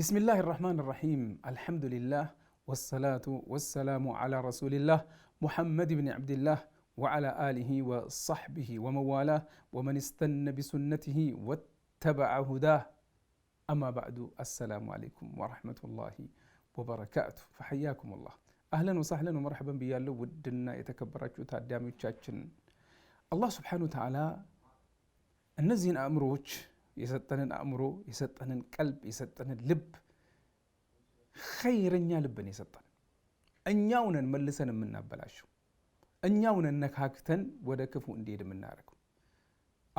بسم الله الرحمن الرحيم الحمد لله والصلاة والسلام على رسول الله محمد بن عبد الله وعلى آله وصحبه وموالاه ومن استنى بسنته واتبع هداه أما بعد السلام عليكم ورحمة الله وبركاته فحياكم الله أهلا وسهلا ومرحبا بيالو ودنا يتكبرك تادامي الله سبحانه وتعالى النزين أمروك የሰጠንን አእምሮ፣ የሰጠንን ቀልብ፣ የሰጠንን ልብ ኸይረኛ ልብን የሰጠን እኛው ነን መልሰን የምናበላሸው እኛው ነን ነካክተን ወደ ክፉ እንዲሄድ የምናደርገው።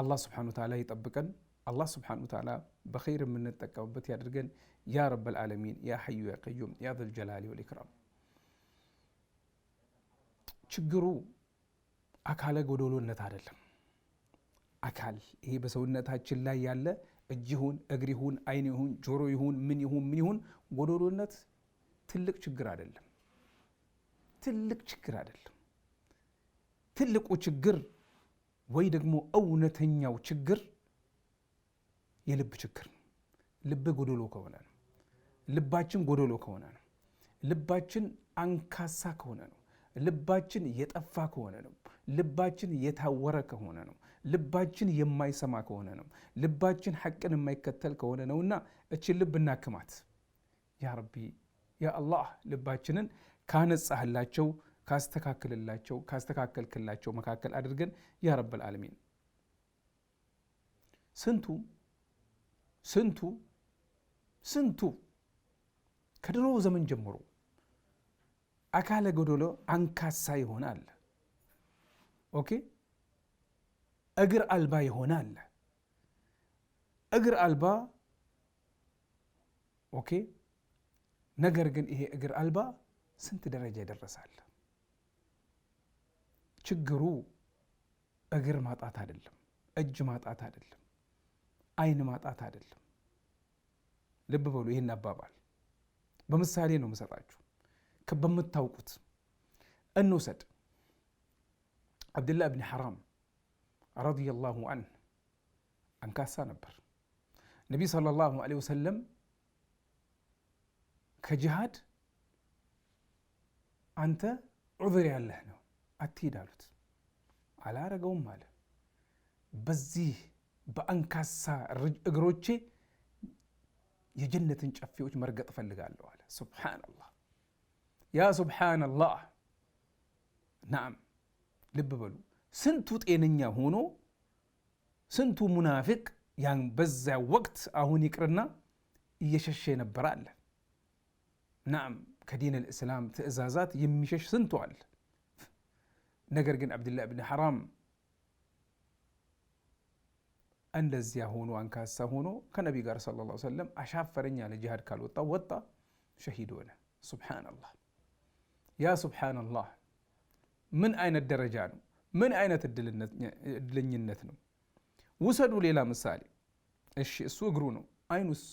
አላህ ስብሓነሁ ወተዓላ ይጠብቀን። አላህ ስብሓነሁ ወተዓላ በኸይር የምንጠቀምበት ያድርገን። ያ ረበል ዓለሚን፣ ያ ሐዩ ያ ቀዩም፣ ያ ዘልጀላሊ ወልኢክራም። ችግሩ አካለ ጎዶሎነት አይደለም። አካል ይሄ በሰውነታችን ላይ ያለ እጅ ይሁን እግር ይሁን አይን ይሁን ጆሮ ይሁን ምን ይሁን ምን ይሁን ጎዶሎነት ትልቅ ችግር አይደለም። ትልቅ ችግር አይደለም። ትልቁ ችግር ወይ ደግሞ እውነተኛው ችግር የልብ ችግር ነው። ልብ ጎዶሎ ከሆነ ነው። ልባችን ጎዶሎ ከሆነ ነው። ልባችን አንካሳ ከሆነ ነው። ልባችን የጠፋ ከሆነ ነው። ልባችን የታወረ ከሆነ ነው። ልባችን የማይሰማ ከሆነ ነው። ልባችን ሐቅን የማይከተል ከሆነ ነውና እችን ልብ እናክማት። ያ ረቢ ያ አላህ ልባችንን ካነጻህላቸው ካስተካክልላቸው ካስተካከልክላቸው መካከል አድርገን ያ ረብል ዓለሚን። ስንቱ ስንቱ ስንቱ ከድሮ ዘመን ጀምሮ አካለ ጎዶሎ አንካሳ ይሆናል። ኦኬ እግር አልባ የሆነ አለ። እግር አልባ ኦኬ። ነገር ግን ይሄ እግር አልባ ስንት ደረጃ ይደረሳል? ችግሩ እግር ማጣት አይደለም፣ እጅ ማጣት አይደለም፣ አይን ማጣት አይደለም። ልብ በሉ ይህን አባባል በምሳሌ ነው የምሰጣችሁ በምታውቁት እንውሰድ። አብድላህ ብን ሐራም ረዲየላሁ አንህ አንካሳ ነበር። ነቢይ ሰለላሁ ዐለይሂ ወሰለም ከጅሃድ አንተ ዑዝር ያለህ ነው አትሂድ አሉት። አላረገውም አለ። በዚህ በአንካሳ እግሮቼ የጀነትን ጨፌዎች መርገጥ እፈልጋለሁ አለ። ሱብሓነላህ ያ ሱብሓነላህ። ናም ልብ በሉ ስንቱ ጤነኛ ሆኖ ስንቱ ሙናፊቅ ያን በዚያ ወቅት አሁን ይቅርና እየሸሸ የነበረ አለ። ናም ከዲን ልእስላም ትእዛዛት የሚሸሽ ስንቱ አለ። ነገር ግን አብድላህ ብን ሐራም እንደዚያ ሆኖ አንካሳ ሆኖ ከነቢ ጋር ሰለላሁ ዐለይሂ ወሰለም አሻፈረኝ አለ። ካልወጣ ወጣ፣ ሸሂድ ሆነ። ሱብሓነላህ ያ ሱብሓነላህ ምን አይነት ደረጃ ነው? ምን አይነት እድለኝነት ነው? ውሰዱ ሌላ ምሳሌ። እሺ እሱ እግሩ ነው። አይኑስ?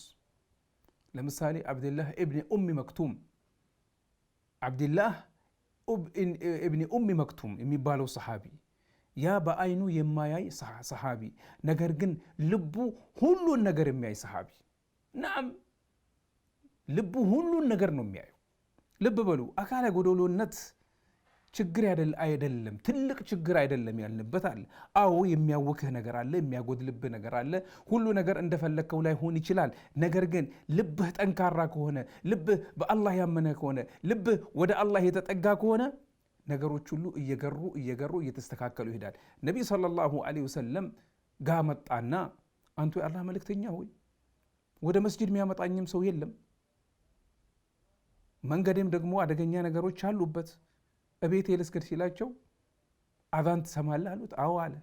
ለምሳሌ አብድላህ እብኒ ኡሚ መክቱም፣ አብድላህ እብኒ ኡሚ መክቱም የሚባለው ሰሓቢ ያ በአይኑ የማያይ ሰሓቢ፣ ነገር ግን ልቡ ሁሉን ነገር የሚያይ ሰሓቢ። ናም ልቡ ሁሉን ነገር ነው የሚያየው። ልብ በሉ አካለ ጎደሎነት ችግር አይደለም፣ ትልቅ ችግር አይደለም ያልንበት አለ። አዎ የሚያውክህ ነገር አለ፣ የሚያጎድልብህ ነገር አለ። ሁሉ ነገር እንደፈለግከው ላይሆን ይችላል። ነገር ግን ልብህ ጠንካራ ከሆነ፣ ልብህ በአላህ ያመነ ከሆነ፣ ልብህ ወደ አላህ የተጠጋ ከሆነ ነገሮች ሁሉ እየገሩ እየገሩ እየተስተካከሉ ይሄዳል። ነቢይ ሰለላሁ ዐለይሂ ወሰለም ጋ መጣና አንቱ የአላህ መልእክተኛ ሆይ ወደ መስጅድ የሚያመጣኝም ሰው የለም፣ መንገዴም ደግሞ አደገኛ ነገሮች አሉበት እቤት ልስገድ ሲላቸው አዛን ትሰማለህ አሉት። አዎ አለ።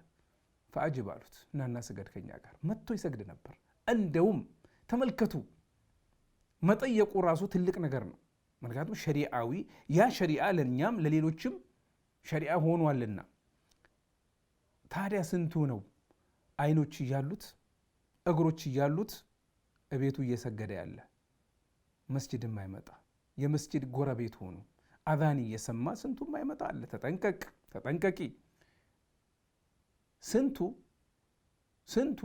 ፈአጅብ አሉት። እናና ስገድ ከኛ ጋር መጥቶ ይሰግድ ነበር። እንደውም ተመልከቱ መጠየቁ ራሱ ትልቅ ነገር ነው። ምክንያቱም ሸሪዓዊ ያ ሸሪዓ ለእኛም ለሌሎችም ሸሪዓ ሆኗልና። ታዲያ ስንቱ ነው አይኖች እያሉት እግሮች እያሉት እቤቱ እየሰገደ ያለ መስጅድ የማይመጣ የመስጅድ ጎረቤት ሆኑ። አዛን እየሰማ ስንቱ አይመጣ አለ። ተጠንቀቅ ተጠንቀቂ። ስንቱ ስንቱ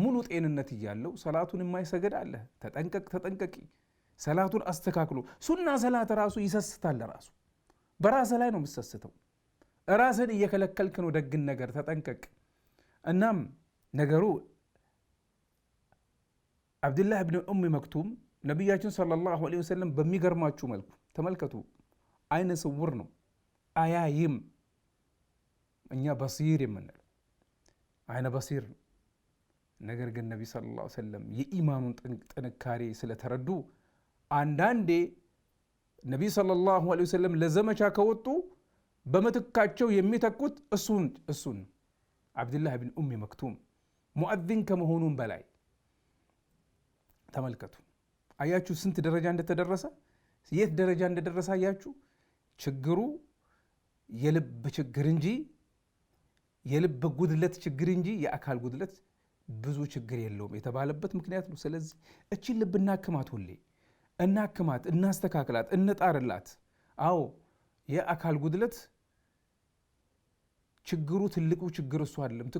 ሙሉ ጤንነት እያለው ሰላቱን የማይሰገድ አለ። ተጠንቀቅ ተጠንቀቂ። ሰላቱን አስተካክሎ ሱና ሰላት ራሱ ይሰስታል። ራሱ በራስ ላይ ነው የምሰስተው። ራስን እየከለከልክ ነው ደግን ነገር። ተጠንቀቅ። እናም ነገሩ አብድላህ ብን ኡም መክቱም ነቢያችን ሰለላሁ ዐለይሂ ወሰለም በሚገርማችሁ መልኩ ተመልከቱ አይነ ስውር ነው፣ አያይም። እኛ በሲር የምንለው አይነ በሲር ነው። ነገር ግን ነቢ ሰለላሁ ዐለይሂ ወሰለም የኢማኑን ጥንካሬ ስለተረዱ አንዳንዴ ነቢ ሰለላሁ ዐለይሂ ወሰለም ለዘመቻ ከወጡ በምትካቸው የሚተኩት እሱን እሱን አብድላህ ብን ኡሚ መክቱም ሙአዚን ከመሆኑም በላይ ተመልከቱ። አያችሁ ስንት ደረጃ እንደተደረሰ የት ደረጃ እንደደረሰ አያችሁ። ችግሩ የልብ ችግር እንጂ የልብ ጉድለት ችግር እንጂ የአካል ጉድለት ብዙ ችግር የለውም የተባለበት ምክንያት ነው። ስለዚህ እችን ልብ እናክማት፣ ሁሌ እናክማት፣ እናስተካክላት፣ እንጣርላት። አዎ የአካል ጉድለት ችግሩ ትልቁ ችግር እሱ አይደለም።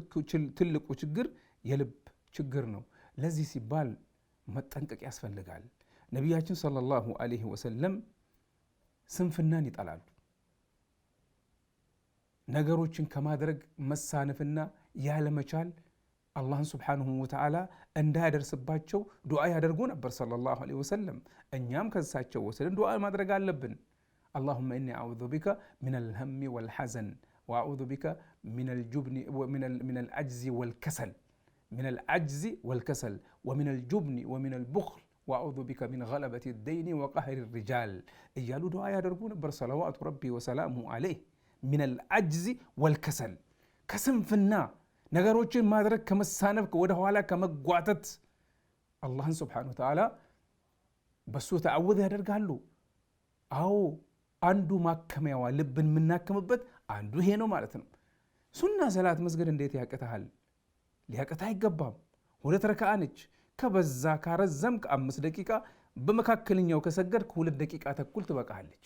ትልቁ ችግር የልብ ችግር ነው። ለዚህ ሲባል መጠንቀቅ ያስፈልጋል። ነቢያችን ሰለላሁ ዐለይሂ ወሰለም ስንፍናን ይጠላሉ። ነገሮችን ከማድረግ መሳነፍና ያለመቻል አላህን ስብሓንሁ ወተዓላ እንዳያደርስባቸው ዱዓ ያደርጉ ነበር ሰለላሁ ዐለይሂ ወሰለም። እኛም ከሳቸው ወስደን ዱዓ ማድረግ አለብን። አላሁመ ኢኒ አዑዙ ቢከ ምን አልሀሚ ወልሐዘን ወአዑዙ ቢከ ምን አልዐጅዚ ወልከሰል ምን አልዐጅዚ ወልከሰል ወምን አልጁብኒ ወምን አልቡኽል ወአዑዙ ቢከ ሚን ገለበት ደይኒ ወቀህሪ ሪጃል እያሉ ዱዓ ያደርጉ ነበር። ሰለዋቱ ረቢ ወሰላሙ አለይህ ሚነል አጅዚ ወልከሰል ከስንፍና ነገሮችን ማድረግ ከመሳነፍ ወደኋላ ከመጓተት አላህን ስብሓነሁ ወተዓላ በሱ ተዓውዝ ያደርጋሉ። አዎ አንዱ ማከሚያዋ ልብን የምናክምበት አንዱ ይሄ ነው ማለት ነው። ሱና ሰላት መስገድ እንዴት ያቅትሃል? ሊያቅት አይገባም። ሁለት ረክዓ ነች። ከበዛ ካረዘምክ አምስት ደቂቃ፣ በመካከለኛው ከሰገድክ ሁለት ደቂቃ ተኩል ትበቃሃለች።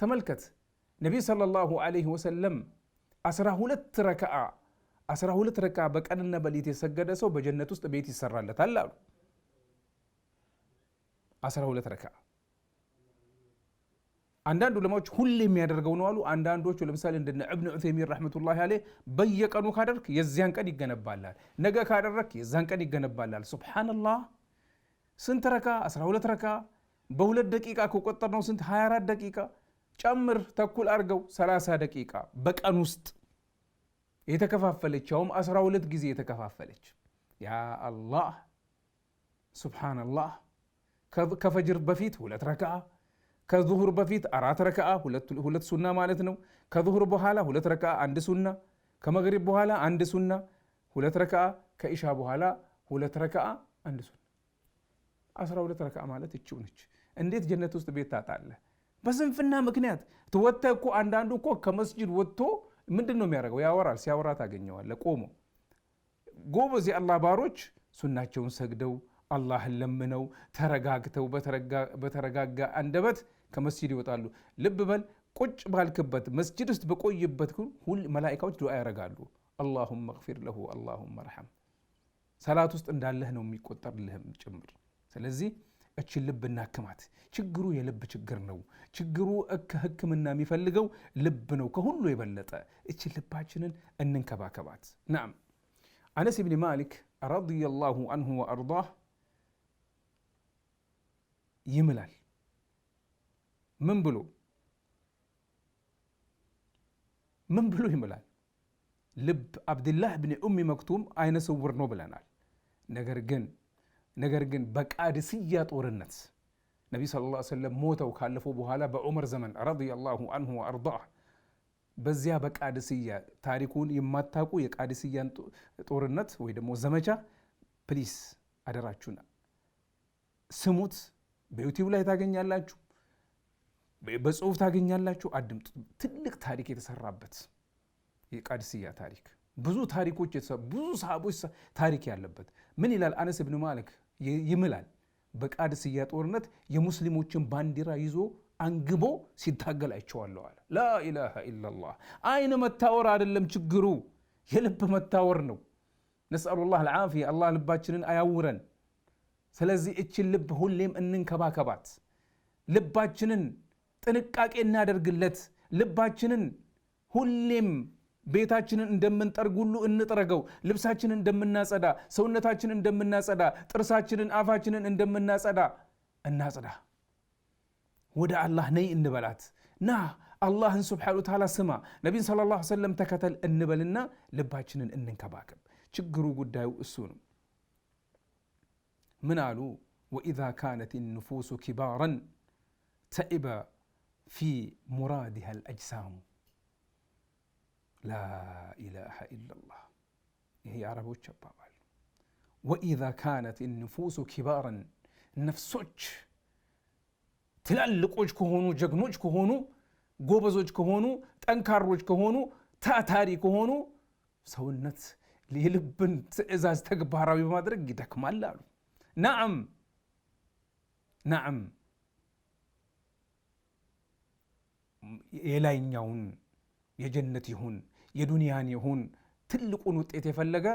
ተመልከት ነቢይ ሰለላሁ ዐለይሂ ወሰለም አስራ ሁለት ረከዓ አስራ ሁለት ረከዓ በቀንና በሌት የሰገደ ሰው በጀነት ውስጥ ቤት ይሰራለታል አሉ። አስራ ሁለት ረከዓ አንዳንድ ዑለማዎች ሁሌ የሚያደርገው ነው አሉ። አንዳንዶቹ ለምሳሌ እንደነ እብን ዑቴሚን ረሕመቱላሂ አለይህ በየቀኑ ካደርክ የዚያን ቀን ይገነባላል፣ ነገ ካደረክ የዛን ቀን ይገነባላል። ሱብሓነላህ ስንት ረካ? 12 ረካ በሁለት ደቂቃ ከቆጠር ነው ስንት? 24 ደቂቃ ጨምር ተኩል አድርገው 30 ደቂቃ በቀን ውስጥ የተከፋፈለች ያውም 12 ጊዜ የተከፋፈለች። ያ አላህ ሱብሓነላህ ከፈጅር በፊት ሁለት ረካ ከዙሁር በፊት አራት ረከዓ ሁለት ሱና ማለት ነው። ከዙሁር በኋላ ሁለት ረከዓ አንድ ሱና፣ ከመግሪብ በኋላ አንድ ሱና ሁለት ረከዓ፣ ከኢሻ በኋላ ሁለት ረከዓ አንድ ሱና። አስራ ሁለት ረከዓ ማለት እችው ነች። እንዴት ጀነት ውስጥ ቤት ታጣለ በስንፍና ምክንያት ትወተ እኮ አንዳንዱ እኮ ከመስጅድ ወጥቶ ምንድን ነው የሚያደርገው? ያወራል። ሲያወራ ታገኘዋለ ቆሞ። ጎበዝ የአላህ ባሮች ሱናቸውን ሰግደው አላህን ለምነው ተረጋግተው በተረጋጋ አንደበት ከመስጂድ ይወጣሉ። ልብ በል ቁጭ ባልክበት መስጂድ ውስጥ በቆይበት ሁል መላኢካዎች ዱዓ ያደርጋሉ። አላሁመ ግፊር ለሁ አላሁመ ርሐም። ሰላት ውስጥ እንዳለህ ነው የሚቆጠርልህም ጭምር። ስለዚህ እችን ልብ እናክማት። ችግሩ የልብ ችግር ነው። ችግሩ ሕክምና የሚፈልገው ልብ ነው ከሁሉ የበለጠ። እች ልባችንን እንንከባከባት። ናም አነስ ብን ማሊክ ረዲየላሁ አንሁ ወአርዳህ ይምላል ምን ብሎ ምን ብሎ ይምላል? ልብ አብድላህ ብን ኡሚ መክቱም አይነ ስውር ነው ብለናል። ነገር ግን ነገር ግን በቃድስያ ጦርነት ነቢ ስለ ላ ሰለም ሞተው ካለፉ በኋላ በዑመር ዘመን ረዲየላሁ አንሁ ወአርዳ በዚያ በቃድስያ ታሪኩን የማታውቁ የቃድስያን ጦርነት ወይ ደግሞ ዘመቻ ፕሊስ አደራችሁና ስሙት። በዩቲዩብ ላይ ታገኛላችሁ። በጽሁፍ ታገኛላችሁ። አድምጡ። ትልቅ ታሪክ የተሰራበት የቃድስያ ታሪክ ብዙ ታሪኮች ብዙ ሰሃቦች ታሪክ ያለበት ምን ይላል? አነስ ብን ማልክ ይምላል። በቃድስያ ጦርነት የሙስሊሞችን ባንዲራ ይዞ አንግቦ ሲታገል አለ። ላኢላሃ ኢለላህ። አይን መታወር አይደለም ችግሩ፣ የልብ መታወር ነው። ነስአሉላህ አልዓፊያ። አላህ ልባችንን አያውረን። ስለዚህ እችን ልብ ሁሌም እንንከባከባት ልባችንን ጥንቃቄ እናደርግለት። ልባችንን ሁሌም ቤታችንን እንደምንጠርግ ሁሉ እንጥረገው። ልብሳችንን እንደምናጸዳ፣ ሰውነታችንን እንደምናጸዳ፣ ጥርሳችንን፣ አፋችንን እንደምናጸዳ እናጽዳ። ወደ አላህ ነይ እንበላት። ና አላህን ስብሓነሁ ወተዓላ ስማ፣ ነቢይን ሰለላሁ ዐለይሂ ወሰለም ተከተል እንበልና ልባችንን እንንከባከብ። ችግሩ ጉዳዩ እሱ ነው። ምን አሉ? ወኢዛ ካነት ንፉሱ ኪባረን ተኢበ في مرادها الأجسام لا إله إلا الله هي عرب الشبابال وإذا كانت النفوس كبارا نفسك تلالقوج كهونو جغنوج كهونو قوبزوج كهونو تنكاروج كهونو تاتاري كهونو سونت ليلبن تعزاز تكبارا بمادرق يدك نعم نعم የላይኛውን የጀነት ይሁን የዱንያን ይሁን ትልቁን ውጤት የፈለገ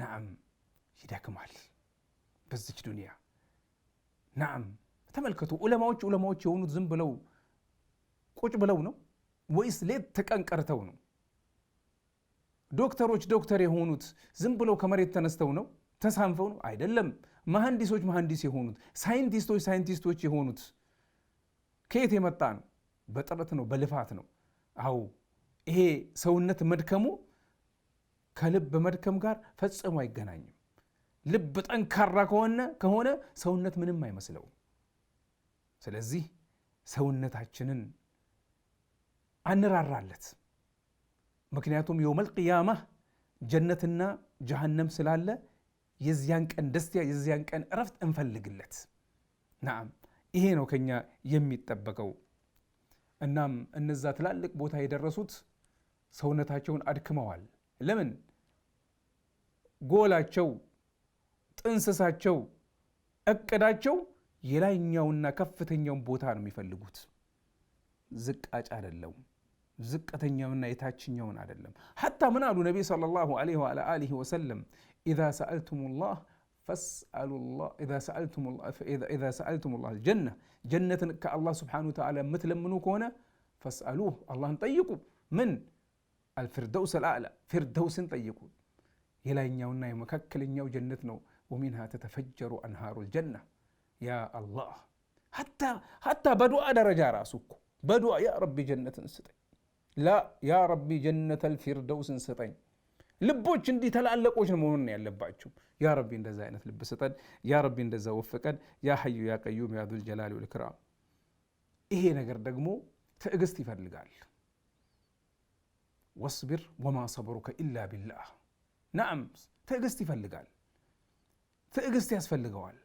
ናም ይደክማል በዚች ዱንያ። ናም ተመልከቱ፣ ዑለማዎች ዑለማዎች የሆኑት ዝም ብለው ቁጭ ብለው ነው ወይስ ሌት ተቀን ቀርተው ነው? ዶክተሮች ዶክተር የሆኑት ዝም ብለው ከመሬት ተነስተው ነው ተሳንፈው ነው አይደለም። መሐንዲሶች መሐንዲስ የሆኑት ሳይንቲስቶች ሳይንቲስቶች የሆኑት ከየት የመጣ ነው? በጥረት ነው፣ በልፋት ነው። አዎ ይሄ ሰውነት መድከሙ ከልብ መድከም ጋር ፈጽሞ አይገናኝም። ልብ ጠንካራ ከሆነ ከሆነ ሰውነት ምንም አይመስለውም። ስለዚህ ሰውነታችንን አንራራለት። ምክንያቱም የውመል ቅያማ ጀነትና ጀሃነም ስላለ የዚያን ቀን ደስቲያ የዚያን ቀን እረፍት እንፈልግለት። ናም ይሄ ነው ከኛ የሚጠበቀው። እናም እነዛ ትላልቅ ቦታ የደረሱት ሰውነታቸውን አድክመዋል። ለምን? ጎላቸው፣ ጥንስሳቸው፣ እቅዳቸው የላይኛውና ከፍተኛውን ቦታ ነው የሚፈልጉት። ዝቃጭ አይደለም ዝቅተኛውና የታችኛውን አይደለም። ሐታ ምን አሉ ነቢይ ሰለላሁ ዐለይሂ ወሰለም ኢዛ ሰአልቱሙላህ فاسألوا الله إذا سألتم الله إذا سألتم الله الجنة جنة كالله سبحانه وتعالى مثل منو كونه فاسألوه الله نطيقوا من الفردوس الأعلى فردوس نطيقوا إلى إن يونا يمككل إنيو جنتنا ومنها تتفجر أنهار الجنة يا الله حتى حتى بدو درجة راسك بدو يا ربي جنة ستين لا يا ربي جنة الفردوس ستين ልቦች እንዲህ ተላለቆች ነው መሆኑን ያለባቸው። ያ ረቢ እንደዛ አይነት ልብ ስጠን፣ ያ ረቢ እንደዛ ወፍቀን፣ ያ ሐዩ ያ ቀዩም ያ ዙል ጀላሊ ይሄ ነገር ደግሞ ትዕግስት ይፈልጋል። ወስቢር ወማ ሰብሩከ ኢላ ቢላህ ናም፣ ትዕግስት ይፈልጋል። ትዕግስት ያስፈልገዋል።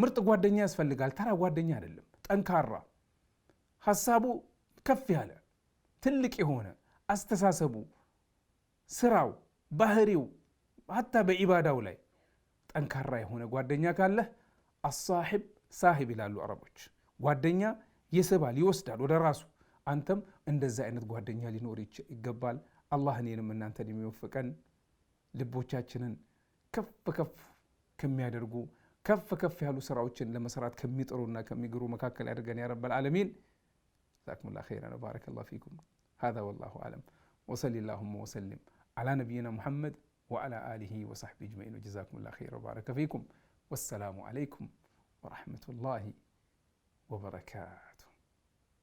ምርጥ ጓደኛ ያስፈልጋል። ተራ ጓደኛ አይደለም። ጠንካራ ሀሳቡ ከፍ ያለ ትልቅ የሆነ አስተሳሰቡ ስራው ባህሪው ሀታ በኢባዳው ላይ ጠንካራ የሆነ ጓደኛ ካለህ አሳሂብ ሳሂብ ይላሉ አረቦች። ጓደኛ ይስባል፣ ይወስዳል ወደ ራሱ። አንተም እንደዛ አይነት ጓደኛ ሊኖር ይገባል። አላህ እኔንም እናንተን የሚወፍቀን ልቦቻችንን ከፍ ከፍ ከሚያደርጉ ከፍ ከፍ ያሉ ስራዎችን ለመስራት ከሚጥሩና ከሚግሩ መካከል ያደርገን ያ ረበል ዓለሚን። ጀዛኩሙላሁ ኸይረን። ባረከላሁ ፊኩም። ሀዛ ወላሁ አለም። ወሰሊ ላሁማ ወሰሊም على نبينا محمد وعلى آله وصحبه أجمعين وجزاكم الله خير وبارك فيكم والسلام عليكم ورحمة الله وبركاته